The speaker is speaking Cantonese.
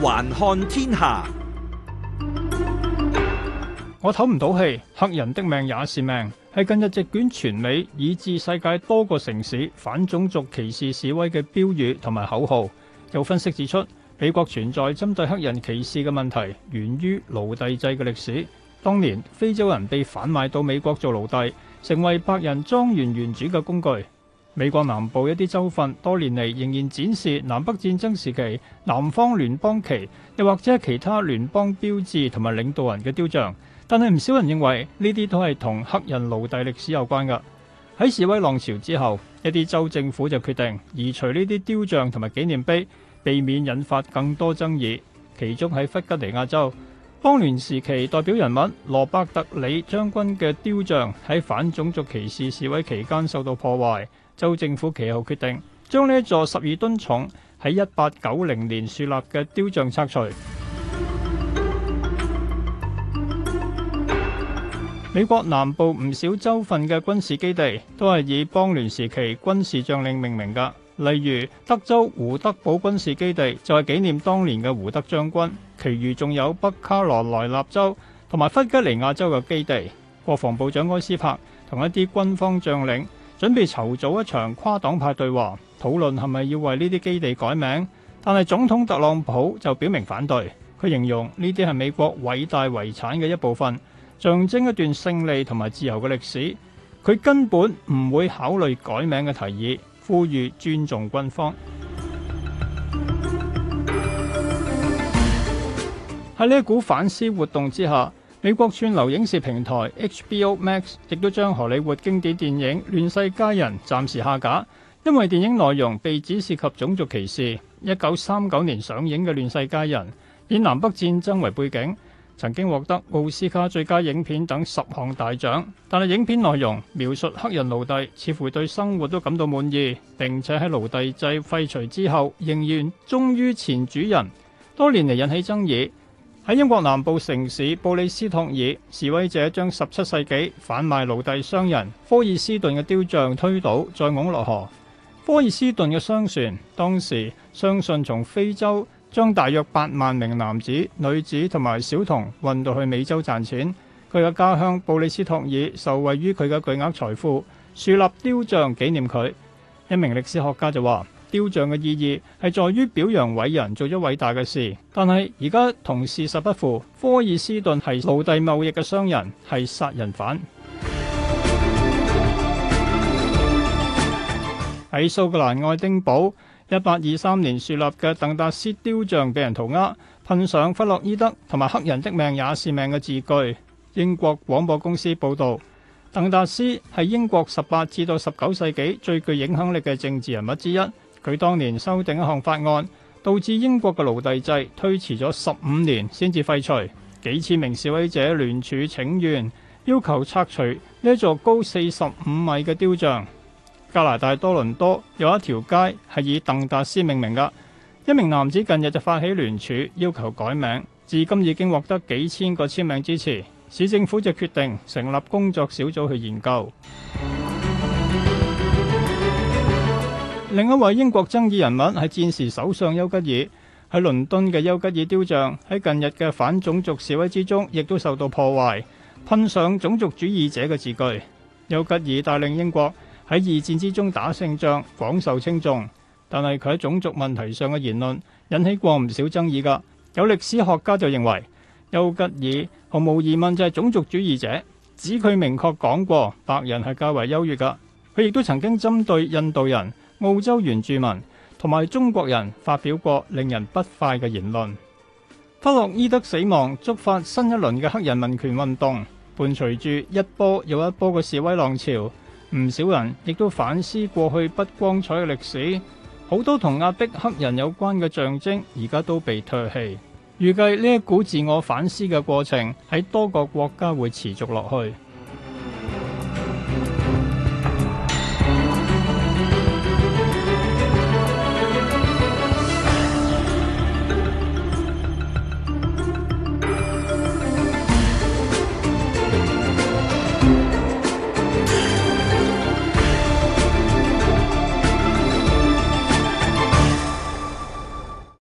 環看天下，我唞唔到氣。黑人的命也是命。喺近日，席捲全美，以至世界多個城市反種族歧視示威嘅標語同埋口號。有分析指出，美國存在針對黑人歧視嘅問題，源於奴隸制嘅歷史。當年非洲人被販賣到美國做奴隸，成為白人莊園原主嘅工具。美國南部一啲州份多年嚟仍然展示南北戰爭時期南方聯邦旗，又或者其他聯邦標誌同埋領導人嘅雕像，但係唔少人認為呢啲都係同黑人奴隸歷史有關嘅。喺示威浪潮之後，一啲州政府就決定移除呢啲雕像同埋紀念碑，避免引發更多爭議。其中喺弗吉尼亞州，邦聯時期代表人物羅伯特李將軍嘅雕像喺反種族歧視示威期間受到破壞，州政府其後決定將呢座十二噸重喺一八九零年樹立嘅雕像拆除。美國南部唔少州份嘅軍事基地都係以邦聯時期軍事將領命名噶。例如德州胡德堡軍事基地就係紀念當年嘅胡德將軍，其餘仲有北卡羅來納州同埋弗吉尼亞州嘅基地。國防部長埃斯帕同一啲軍方將領準備籌組一場跨黨派對話，討論係咪要為呢啲基地改名。但係總統特朗普就表明反對，佢形容呢啲係美國偉大遺產嘅一部分，象徵一段勝利同埋自由嘅歷史。佢根本唔會考慮改名嘅提議。呼籲尊重軍方。喺呢一股反思活動之下，美國串流影視平台 HBO Max 亦都將荷里活經典電影《亂世佳人》暫時下架，因為電影內容被指涉及種族歧視。一九三九年上映嘅《亂世佳人》，以南北戰爭為背景。曾經獲得奧斯卡最佳影片等十項大獎，但係影片內容描述黑人奴隸似乎對生活都感到滿意，並且喺奴隸制廢除之後仍然忠於前主人，多年嚟，引起爭議。喺英國南部城市布里斯托爾，示威者將十七世紀販賣奴隸商人科爾斯頓嘅雕像推倒，再拱落河。科爾斯頓嘅商船當時相信從非洲。將大約八萬名男子、女子同埋小童運到去美洲賺錢。佢嘅家鄉布里斯托爾受惠於佢嘅巨額財富，樹立雕像紀念佢。一名歷史學家就話：雕像嘅意義係在於表揚偉人做咗偉大嘅事。但係而家同事實不符，科爾斯頓係奴隸貿易嘅商人，係殺人犯。喺蘇格蘭愛丁堡。一八二三年樹立嘅鄧達斯雕像被人塗鴉，噴上弗洛伊德同埋黑人的命也是命嘅字句。英國廣播公司報導，鄧達斯係英國十八至到十九世紀最具影響力嘅政治人物之一。佢當年修訂一項法案，導致英國嘅奴隸制推遲咗十五年先至廢除。幾千名示威者聯署請願，要求拆除呢座高四十五米嘅雕像。加拿大多倫多有一條街係以鄧達斯命名嘅，一名男子近日就發起聯署要求改名，至今已經獲得幾千個簽名支持。市政府就決定成立工作小組去研究。另一位英國爭議人物係戰時首相丘吉爾，喺倫敦嘅丘吉爾雕像喺近日嘅反種族示威之中，亦都受到破壞，噴上種族主義者嘅字句。丘吉爾帶領英國，喺二戰之中打勝仗，廣受稱頌。但係佢喺種族問題上嘅言論，引起過唔少爭議㗎。有歷史學家就認為，丘吉爾毫無疑問就係種族主義者，指佢明確講過白人係較為優越㗎。佢亦都曾經針對印度人、澳洲原住民同埋中國人發表過令人不快嘅言論。弗洛伊德死亡觸發新一輪嘅黑人民權運動，伴隨住一波又一波嘅示威浪潮。唔少人亦都反思過去不光彩嘅歷史，好多同壓迫黑人有關嘅象徵而家都被唾棄。預計呢一股自我反思嘅過程喺多個國家會持續落去。